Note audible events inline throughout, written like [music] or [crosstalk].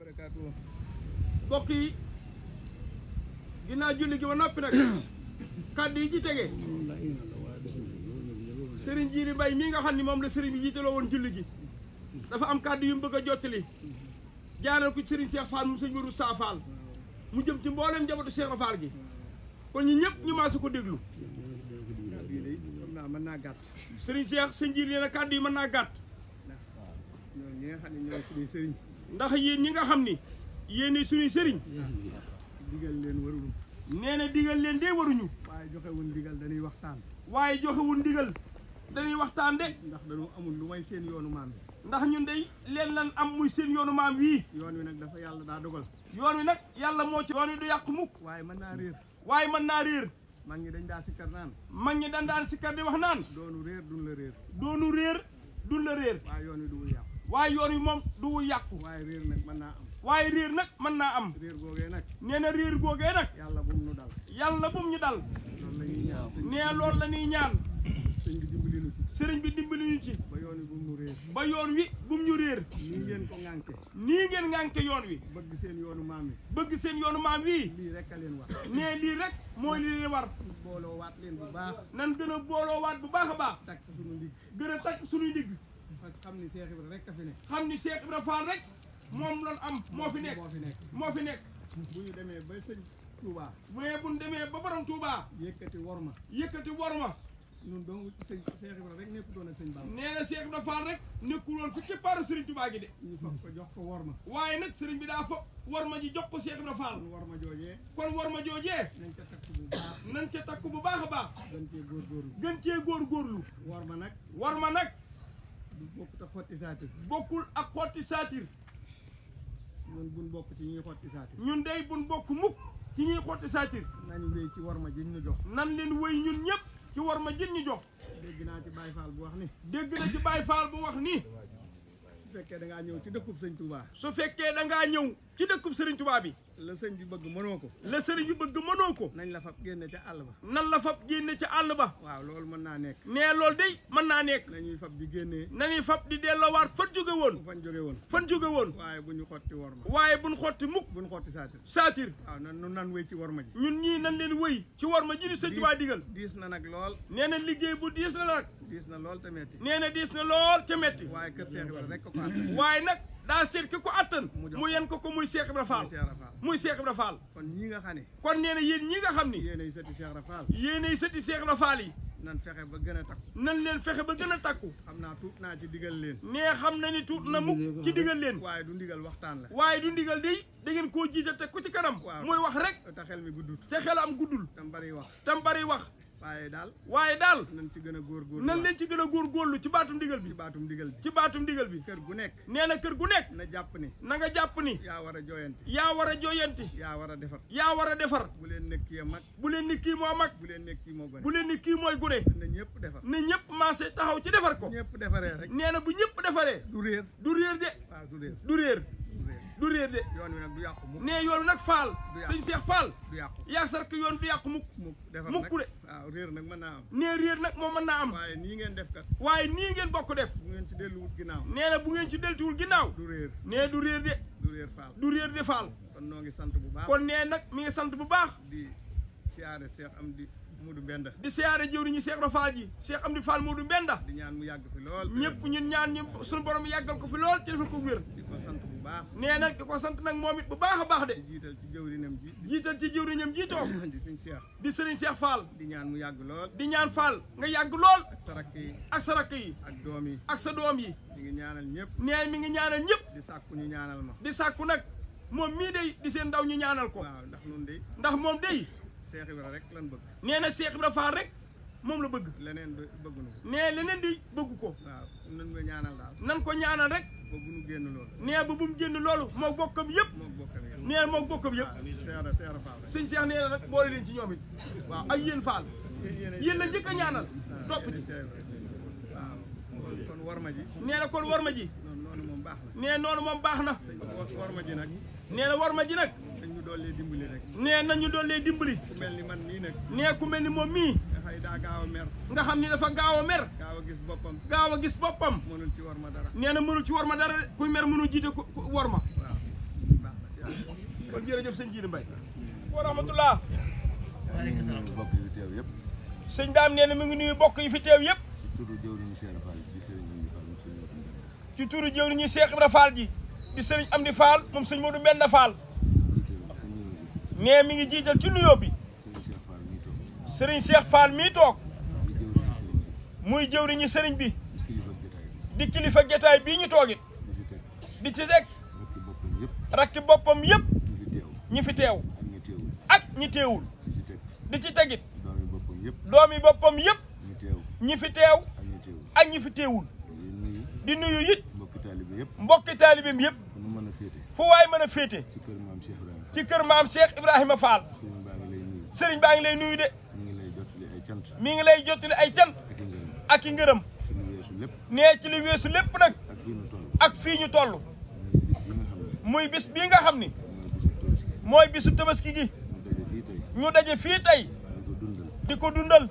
wabarakatuh mbokk yi ginnaaw julli gi ba noppi nag [coughs] kàddu yi ci tege sëriñ Jiili Mbay mii nga xam ni la sëriñ bi jiitaloo woon julli gi dafa am kàddu yu mu bëgg a jottali jaaral ko sëriñ Cheikh Fall mu sëñ Mourou Sa Fall mu jëm ci mboolem njabootu Cheikh Fall gi kon ñu ñëpp ñu maa su ko déglu mën naa gàtt sëriñ Cheikh sëñ Jiili na kàddu yi mën naa gàtt ñoo ñi nga ñoo suñuy sëriñ ndax yéen ñi nga xam ni yéen suñuy sëriñ. digal leen waruñu. nee na digal leen dee waruñu. waaye joxewul ndigal dañuy waxtaan. waaye joxewul ndigal dañuy waxtaan de. ndax dañoo amul lu may seen yoonu maam ndax ñun day leen lan am muy seen yoonu maam wii. yoon wi nag dafa yàlla daa dogal. yoon wi nag yàlla moo ci. yoon wi du yàq mukk. waaye mën naa réer. waaye mën naa réer. mag ñi dañ daa sikkar naan. mag ñi dañ daan sikkar di wax naan. doonu réer duñ la réer. doonu réer duñ la reer waaye yoon wi du waaye yoon wi moom du yàqu. waaye réer nag mën naa am. waaye réer nag mën naa am. réer googee nag. nee na réer googee nag. yàlla bum ñu dal. yàlla bum ñu dal. loolu la ñuy ñaan. nee loolu la ñuy ñaan. sëriñ bi dimbali ñu ci. sëriñ bi dimbali ñu ci. ba yoon wi bum ñu réer. ñu réer. nii ngeen ko ŋànke. nii ngeen ŋànke yoon wi. bëgg seen yoonu maam wi. bëgg seen yoonu maam wi. lii rek a leen war. nee lii rek mooy li leen war. booloo waat leen bu baax. nan gën a booloo waat bu baax a baax. takk suñu ndigg. ak xam ni Cheikh Ibrahima rek a fi nekk. xam ni Cheikh Ibrahima Fall rek moom loolu am moo fi nekk moo fi nekk moo fi nekk. bu ñu demee ba sëñ Touba. waaye bu ñu demee ba borom Touba. yëkkati wor ma. yëkkati wor ma. ñun dong sëñ Cheikh Ibrahima rek nekkutoon ak sëñ Bamba. nee na Cheikh Ibrahima Fall rek nekkuloon fi keppaaru Serigne Touba gi de. ñu fab ko jox ko wor ma. waaye nag Serigne bi daa fa wor ma ji jox ko Cheikh Ibrahima Fall. kon wor ma joojee. kon wor ma joojee. nañ ca takk bu baax. nañ ca takk bu baax a baax. gën cee góorgóorlu. gën cee góorgóorlu. wor ma nag. wor ma nag. bokkul ak xotti saatir. bokkul ak xotti saatir. ñun buñ bokk ci ñuy xotti saatir. ñun day buñ bokk mukk ci ñuy xotti saatir. nañ wéy ci warma jën ñu jox. nan leen wéy ñun ñëpp ci warma jën ñu jox. dégg naa ci Baye Fall bu wax ni. dégg na ci Baye Fall bu wax ni. su fekkee da ngaa ñëw ci dëkkub Sëriñ Touba. su fekkee da ngaa ñëw ci dëkkub Sëriñ Touba bi. la sëñ bi bëgg mënoo ko la sëriñ bi bëgg mënoo ko nañ la fab génne ca àll ba nan la fab génne ca àll ba waaw loolu mën naa nekk mais loolu day mën naa nekk nañuy fab di génnee nañuy fab di delloowaat fan jóge woon fan jóge woon fan jóge woon waaye bu ñu xotti wor ma waaye buñ xotti mukk buñ xotti saatir saatir waaw nan nan wéy ci wor ma ji ñun ñii nan leen wéy ci wor ma ji di sëñ digal diis na nag lool nee na liggéey bu diis na nag diis na lool te metti nee na diis na lool te metti waaye kër Seex Ibra rek ko waaye daa seet ki ko attan mu yen ko ko muy Cheikh Ibra Fall muy Cheikh Ibra Fall kon ñi nga ne kon nee na yéen ñi nga xam ni yéenay sëti Cheikh Ibra Fall yéenay sëti Cheikh Ibra yi nan fexe ba gën a takku nan leen fexe ba gën a takku xam naa tuut naa ci digal leen nee xam na ni tuut na mukk ci digal leen waaye du ndigal waxtaan la waaye du ndigal day da ngeen koo jiital te ko ci kanam mooy wax rek te xel mi guddul te xel am guddul tam bari wax tam bari wax waaye daal waaye daal nañ ci gën a góorgóorlu nañ leen ci gën a góorgóorlu ci baatum digal bi ci baatum digal bi ci baatum bi kër gu nekk nee na kër gu nekk na jàpp ni nanga jàpp ni yaa war a jooyanti yaa war a jooyanti yaa war a defar yaa war a defar bu leen nekk kii mag bu leen ni kii moo mag bu leen nekk kii bu leen ni kii mooy gune na ñëpp defar na ñëpp maase taxaw ci defar ko ñëpp defaree rek nee na bu ñëpp defaree du réer du réer de waaw du réer du réer du réer de. yoon wi yàqu mukk. nee yoon wi nag faal. du yàqu sëñ Cheikh Fall. yaa sa rek yoon du yàqu mukk. mukk de. waaw ah, réer nag mën naa am. nee réer nag moom mën naa am. waaye nii ngeen def kat. waaye nii ngeen bokk def. bu ngeen ci delluwul ginnaaw. nee na bu ngeen ci deltuwul ginnaaw. du réer nee du réer de. du réer faal réer de faal. kon noo ngi sant bu baax kon nee nag mu ngi sant bu baax. di. siyaare Cheikh Amdi Modou Mbenda di siyaare jëwriñu Cheikh Rafal ji Cheikh Amdi Fall Modou Mbenda di ñaan mu yàgg fi lool ñëpp ñun ñaan ñëpp suñu borom yàggal ko fi lool ci defal ko wér di ko sant bu baax nee nag di ko sant nag moom bu baax baax de jiital ci jëwriñam ji jiital ci jëwriñam ji toog di sëriñ Cheikh di sëriñ Cheikh Fall di ñaan mu yàgg lool di ñaan Fall nga yàgg lool ak sa rakk yi ak sa yi ak doom yi ak sa doom yi mi ngi ñaanal ñëpp nee mi ngi ñaanal ñëpp di sàkku ñu ñaanal ma di sàkku nag moom mii day di seen ndaw ñu ñaanal ko waaw ndax noonu day ndax moom day Cheikh Ibrahima rek lan bëgg. nee na Cheikh Ibrahima Fall rek moom la bëgg. lenen bëggu na ko. di bëggu ko. waaw nan ko ñaanal daal. nan ko ñaanal rek. ba bu mu génn loolu. nee ba bu mu génn loolu moo bokkam yëpp. moo bokkam yëpp nee moo bokkam yëpp. waaw Cheikh Fall rek. Cheikh nee na boole leen ci ñoom waaw ak yéen Fall. yéen la njëkk ñaanal. topp ci kon war ji. nee kon war ji. nee noonu moom baax na. nee noonu moom baax ji nag. nee na ji nag dolli dimbali rek nee nañu dolli ni nee ni moom mii nga xay ni dafa gaaw a mer gaaw gis bopam gis ci dara nee na ci war dara kuy mer mënul jiite ku war ma waaw kon jërëjëf sëñ Jiili Mbay wa rahmatullah waaleykum salaam mbokk yi fi teew yëpp sëñ daam nee na mi ngi nuyu bokk yi fi teew yëpp ci turu jëwriñu Cheikh Ibra Fall ji ci turu jëwriñu Cheikh Ibra ji di sëriñ Amdi Modou nee mi ngi jiital ci nuyoo bi sëriñ Cheikh Fall mii toog muy jëwriñu sëriñ bi di kilifa getaay bii ñu toogit di ci teg rakki boppam yëpp ñi fi teew ak ñi teewul di ci tegit doomi boppam yëpp ñi fi teew ak ñi fi teewul di nuyu it mbokki taalibeem yëpp fu waay mën a féete ci kër maam Cheikh Ibrahima Fall. sëriñ baa ngi lay nuyu de. mi ngi lay jottali ay cant. mi ngi lay jottali ay cant. ak i ngërëm. nee ci li weesu lépp nag. ak fii ñu toll. muy bis bii nga xam ni. mooy bisu tabaski gi. ñu daje fii tey. di ko dundal.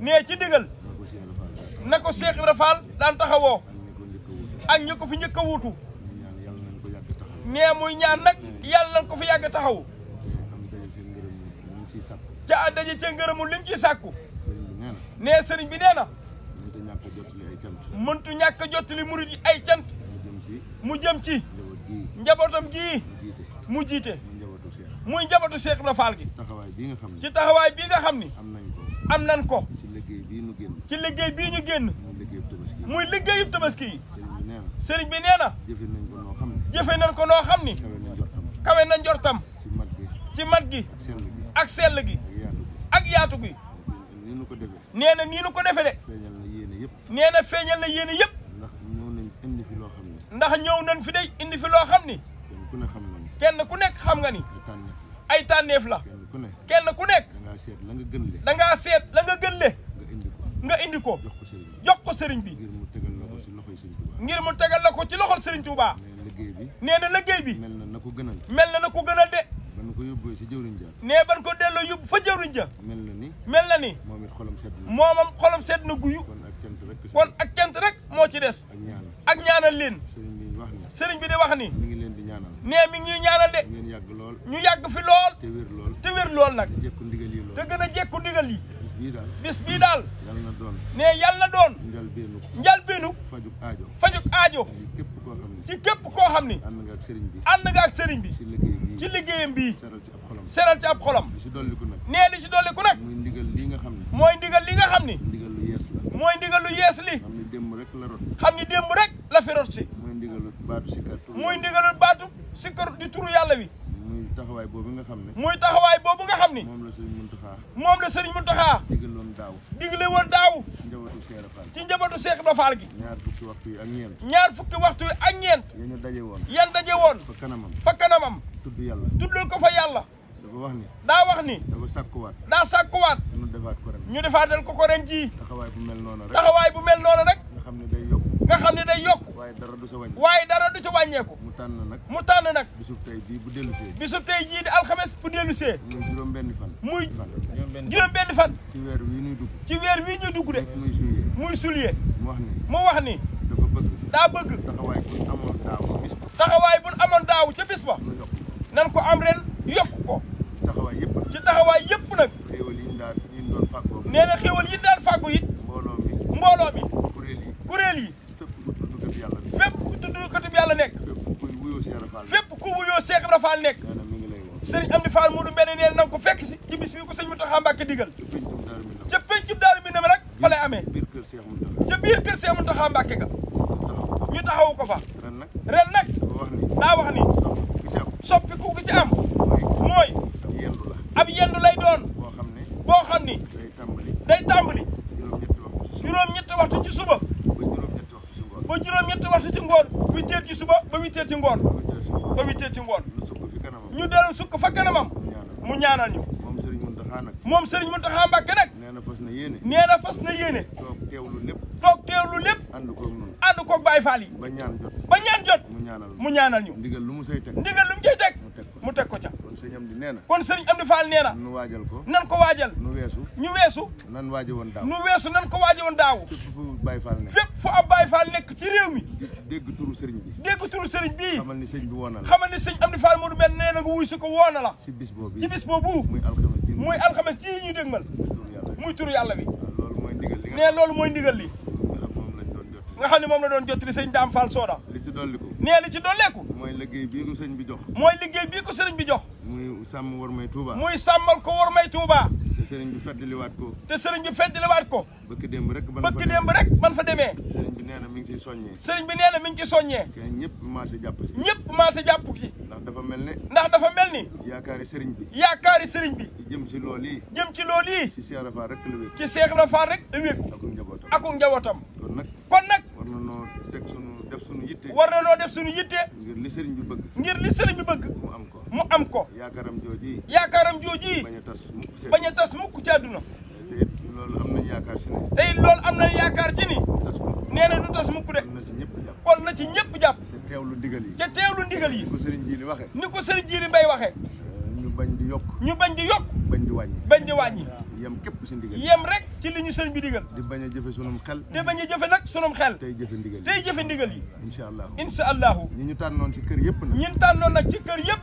nee ci ndigal. na ko Cheikh Ibrahima Fall daan taxawoo. ak ñi ko fi njëkk a wuutu. nee mooy ñaan nag yàlla nañ ko fi yàgg taxaw ca àddaje ca ngërëmul lim ci sàkku nee sëriñ bi nee na mëntu ñàkk a jottali murid yi ay cant mu jëm ci njabootam gii mu jiite muy njabootu Cheikh Ibra Fall gi ci taxawaay bii nga xam ni am nan ko ci liggéey bii ñu génn muy liggéeyub tabaski yi sëriñ bi nee na jëfe nañ ko noo xam ni kawe na njortam ci mat gi ak sell gi ak yaatu gi nee na nii nu ko defe de nee na feeñal na yéene yëpp ndax ñëw nañ fi day indi fi loo xam ni kenn ku nekk xam nga ni ay tànneef la kenn ku nekk da ngaa seet la nga gën le nga indi ko jox ko sëriñ bi ngir mu tegal la ko ci loxol sëriñ Tuubaa liggéey bi nee na liggéey bi mel na na ko gënal mel na na ko gënal de ban ko yóbboo si jëwriñ ja nee ban ko delloo yóbbu fa jëwriñ ja mel na ni mel na ni moom it xolam sedd na guyu kon ak cant rek moo ci des ak ñaanal ak ñaanal leen sëriñ bi wax ni sëriñ bi di wax ni ngi leen di ñaanal nee mi ngi ñuy ñaanal de ngeen yàgg lool ñu yàgg fi lool te wér lool te wér lool nag te jekku ndigal yi lool te gën a jekku ndigal yi bii daal bis bii daal. yal na doon ne yal na doon. njal beenuk njal beenuk. fajuk aajo fajuk aajo. ci képp koo xam ne ci képp koo xam ne. bi ànd nga ak sëriñ bi. ci liggéey bii ci liggéeyam bii. seral li ci dolliku nag nee li ndigal li nga xam ne. mooy ndigal li nga xam ne. la. mooy ndigal lu yees li. xam ni démb rek la rot. xam ni démb rek la fi rot si. muy ndigalu baatu sikkar turu. muy ndigalu baatu sikkar di turu yàlla wi. muy taxawaay boobu nga xam ne. muy taxawaay boobu nga xam ne. Muntaxa moom la Serigne Muntaxa digaloon daaw digale woon daaw ci njabootu Seex Ibra Faal gi ñaar fukki waxtu yi ak ñeent ñaar fukki waxtu yi ak ñeent yañu daje woon yan daje woon fa kanamam fa kanamam tudd yàlla tuddal ko fa yàlla dafa wax ni daa wax ni dafa sàkkuwaat ko sàkkuwaat ñu defaat ko ren ñu defaatal ko ko ren jii taxawaay bu mel noonu rek mel noonu rek nga xam ne day yokk nga xam ne day yokk waaye waaye dara du sa wàññeeku tànn nag mu tànn nag bisub tey bii bu dellusee bisub tey jii di alxames bu dellusee muy juróom benn fan muy juróom benn fan ci weer wii ñuy dugg ci weer wii ñuy dugg de muy sulier muy sulier mu wax ni mu wax ni dafa bëgg daa bëgg taxawaay bu amoon daaw bis ba taxawaay bu amoon daaw ca bis ba nan ko am ren yokk ko ci taxawaay yëpp ci taxawaay yëpp nag xéewal yi daan yi doon fàggoo nee na yi daan kuréel yi fépp ku wuyoo Cheikh Ibra Fall nekk sëriñ Amdi Fall Modou Mbene nee na nga ko fekk si ci bis bi ko sëñ Mountakha Mbacké digal ca pencum Daaru Minam rek fa lay amee ca biir kër Cheikh Mountakha Mbacké ga ñu taxawu ko fa ren nag daa wax ni soppi ku ci am mooy ab yendu lay doon boo xam ni day tàmbali juróom-ñetti waxtu ci suba ba juróom-ñetti waxtu ci ngoon huit ci suba ba huit ci ngoon dana sukk fa kanamam mu ñaanal ñu moom Serigne Mountakha nag moom Serigne Mountakha Mbacké nag nee na fas na yéene nee fas na yéene toog teewlu lépp toog teewlu lépp ànd koog noonu ànd koog ba ñaan jot ba ñaan jot mu ñaanal mu ñaanal ñu ndigal lu mu say teg ndigal lu mu cay teg mu teg ko ca kon sëñ Amdi nee na nu waajal ko nan ko waajal nu weesu nan waaje woon daaw nu weesu nan ko waaje woon daaw fépp fu ab Baye Fall nekk ci réew mi dégg turu sëriñ bi dégg turu sëriñ bi xamal ni sëñ bi woona la ni sëñ Amdi Fall Modou Mbène nee na nga wuy si ko woona la ci bis boobu ci bis boobu muy alxames ji ñuy dégmal muy turu yàlla bi nee loolu mooy ndigal li nga xam ne moom la doon jottali sëñ Daam Fall Soda li ci dolliku nee li ci dolleeku ko bi jox mooy liggéey bii ko sëriñ bi jox muy sàmm war may Touba muy sàmmal ko war may Touba sëriñ bi feddliwaat ko te sëriñ bi feddliwaat ko bëkk démb rek bëkk démb rek man fa demee sëriñ bi nee na mi ngi ciy soññee sëriñ bi nee na mi ngi ci soññee ñëpp maase jàpp ci ñëpp maase jàpp ki ndax dafa mel ni ndax dafa mel ni yaakaari sëriñ bi yaakaari sëriñ bi jëm ci loolu yi jëm ci lool yi ci Cheikh Rafa rek la wékk ci Cheikh Rafa rek la wékk ak njabootam ak njabootam kon nag kon nag war na noo teg sunu def sunu yitte war na noo def sunu yitte ngir li sëriñ bi bëgg ngir li sëriñ bi bëgg mu am ko mu am ko yaakaaram jooji yaakaaram jooji bañ a tas mukk ci àdduna te it loolu am nañ yaakaar ci ni te it loolu am nañ yaakaar ci tas mukk de kon na ci ñëpp jàpp te teewlu ndigal yi te teewlu ndigal yi ni ko sëriñ Jili waxe ni ko Mbay waxe euh, ñu bañ di yokk ñu bañ di yokk bañ di wàññi bañ di wàññi yem képp ci ndigal yem rek ci li ñu sëriñ bi digal di bañ a jëfe sunum xel te bañ a jëfe nag sunum xel tey jëfe ndigal yi tey jëfe ndigal yi incha allah incha allahu ñi ñu tànnoon ci kër yëpp nag tànnoon nag ci kër yëpp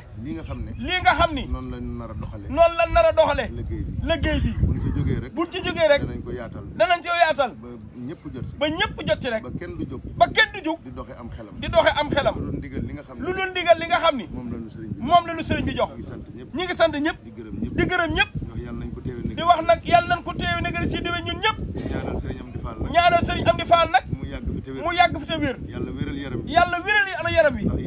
lii nga xam ne lii nga xam ni noonu lañ nar a doxale noonu lañ nar a doxale liggéey bi liggéey bi buñ jógee rek buñ ci jógee rek danañ ko yaatal yaatal ba ñëpp jot ci ba rek ba kenn du jóg ba kenn du jóg di doxe am xelam di doxe am xelam lu dul ndigal li li nga xam ni moom lañu sëriñ bi moom lañu sëriñ bi jox ñi ngi sant ñëpp di gërëm ñëpp di gërëm ñëpp di wax nag yàlla nañ ko téewe nag ci déwén ñun ñëpp ñaanal sëriñ Amdi Fall nag nag mu yàgg fi te wér yàlla wéral yaram yàlla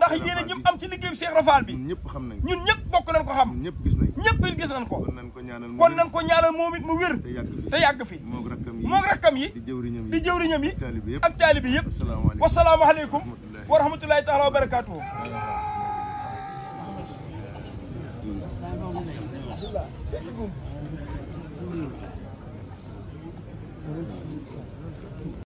ndax yéene ji mu am ci liggéeyu Cheikh Rafal bi ñëpp xam nañ ñun ñëpp bokk nañ ko xam ñëpp gis nañ ñëpp it gis nañ ko kon nañ ko ñaanal kon nañ ko ñaanal moom it mu wér te yàgg fi moog rakkam yi moog rakkam yi di jëwriñam yi di jëwriñam yi ak taalibe yëpp wasalaamu aleykum wa rahmatullahi taala wa barakaatuhu Thank you.